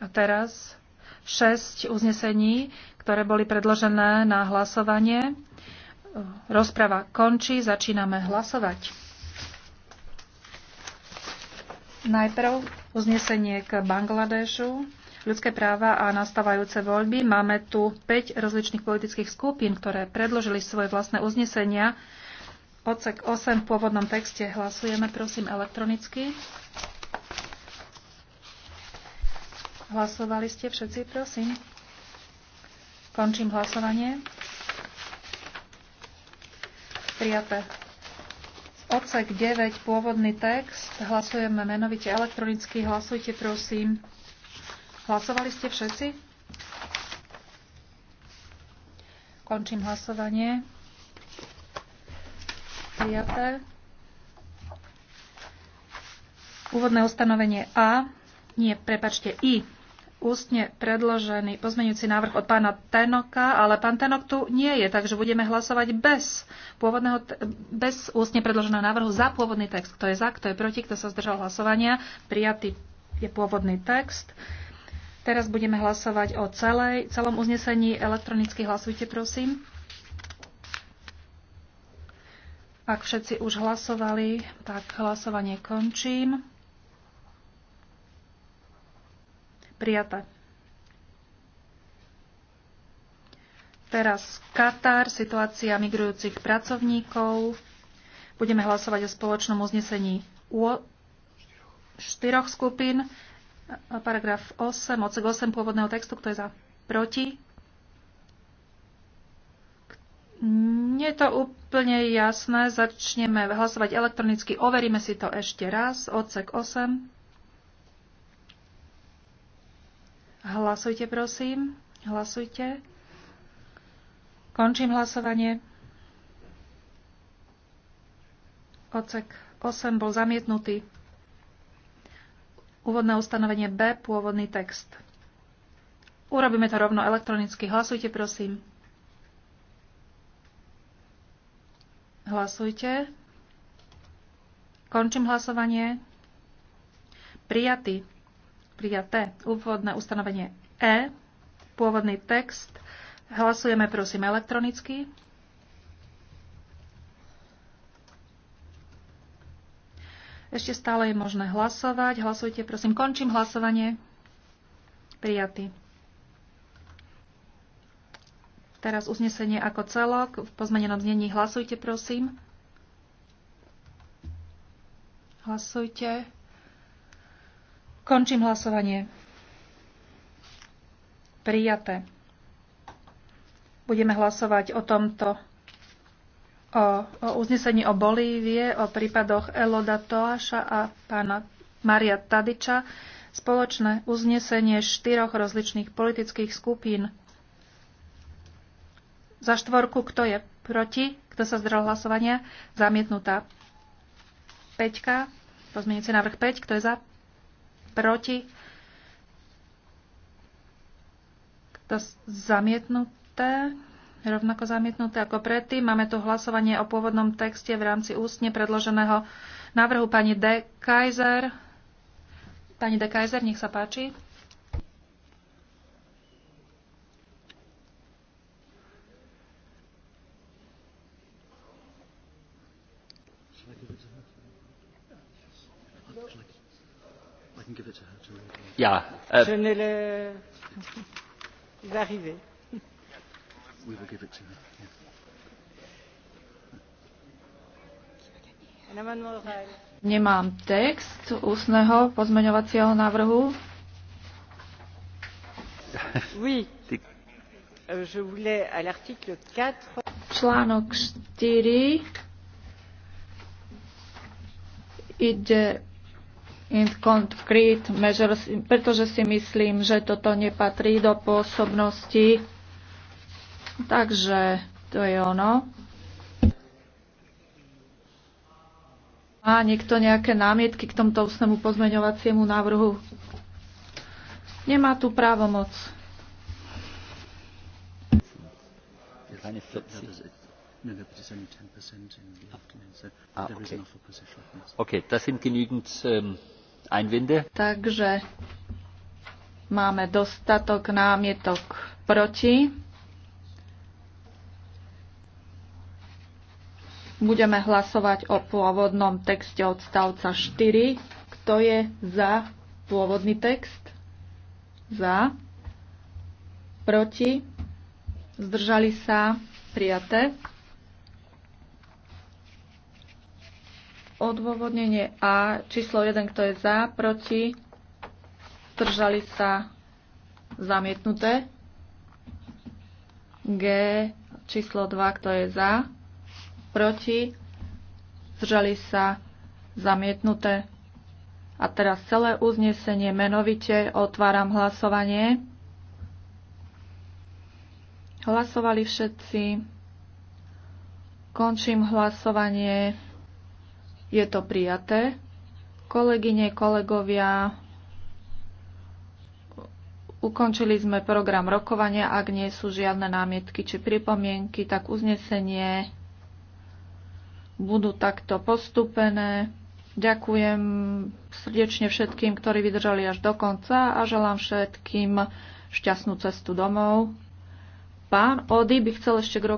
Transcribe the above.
A teraz 6 uznesení, ktoré boli predložené na hlasovanie. Rozprava končí, začíname hlasovať. Najprv uznesenie k Bangladešu, ľudské práva a nastávajúce voľby. Máme tu 5 rozličných politických skupín, ktoré predložili svoje vlastné uznesenia. Odsek 8 v pôvodnom texte hlasujeme, prosím, elektronicky. Hlasovali ste všetci, prosím. Končím hlasovanie. Prijaté. Odsek 9, pôvodný text. Hlasujeme menovite elektronicky. Hlasujte, prosím. Hlasovali ste všetci? Končím hlasovanie. Prijaté. Úvodné ustanovenie A. Nie, prepačte, I ústne predložený pozmeňujúci návrh od pána Tenoka, ale pán Tenok tu nie je, takže budeme hlasovať bez, pôvodného, bez ústne predloženého návrhu za pôvodný text. Kto je za, kto je proti, kto sa zdržal hlasovania, prijatý je pôvodný text. Teraz budeme hlasovať o celej, celom uznesení. Elektronicky hlasujte, prosím. Ak všetci už hlasovali, tak hlasovanie končím. prijata. Teraz Katar, situácia migrujúcich pracovníkov. Budeme hlasovať o spoločnom uznesení u štyroch skupín. Paragraf 8, odsek 8 pôvodného textu, kto je za proti. Nie je to úplne jasné. Začneme hlasovať elektronicky. Overíme si to ešte raz. Odsek 8. Hlasujte, prosím. Hlasujte. Končím hlasovanie. Ocek 8 bol zamietnutý. Úvodné ustanovenie B, pôvodný text. Urobíme to rovno elektronicky. Hlasujte, prosím. Hlasujte. Končím hlasovanie. Prijatý prijaté. Úvodné ustanovenie E, pôvodný text. Hlasujeme prosím elektronicky. Ešte stále je možné hlasovať. Hlasujte, prosím. Končím hlasovanie. Prijatý. Teraz uznesenie ako celok. V pozmenenom znení hlasujte, prosím. Hlasujte. Končím hlasovanie. Prijaté. Budeme hlasovať o tomto o, o uznesení o Bolívie, o prípadoch Eloda Toáša a pána Maria Tadiča, spoločné uznesenie štyroch rozličných politických skupín. Za štvorku, kto je proti, kto sa zdrel hlasovania, zamietnutá. Peťka, pozmienujúci návrh 5, kto je za, proti, to zamietnuté, rovnako zamietnuté ako predtým. Máme tu hlasovanie o pôvodnom texte v rámci ústne predloženého návrhu pani De Kaiser. Pani De Kaiser, nech sa páči. Äh, Nemám text ústneho pozmeňovacieho návrhu. Euh, Článok 4 ide in concrete measures, pretože si myslím, že toto nepatrí do pôsobnosti. Takže to je ono. Má niekto nejaké námietky k tomto ústnemu pozmeňovaciemu návrhu? Nemá tu právomoc. No, ah, ah, okay, das sind genügend ähm, Einwände. Takže máme dostatok námietok proti. Budeme hlasovať o pôvodnom texte odstavca 4. Kto je za pôvodný text? Za. Proti. Zdržali sa. Prijaté. Odôvodnenie A, číslo 1, kto je za, proti, zdržali sa zamietnuté. G, číslo 2, kto je za, proti, zdržali sa zamietnuté. A teraz celé uznesenie menovite otváram hlasovanie. Hlasovali všetci. Končím hlasovanie. Je to prijaté. Kolegyne, kolegovia, ukončili sme program rokovania. Ak nie sú žiadne námietky či pripomienky, tak uznesenie budú takto postupené. Ďakujem srdečne všetkým, ktorí vydržali až do konca a želám všetkým šťastnú cestu domov. Pán Ody by chcel ešte k roku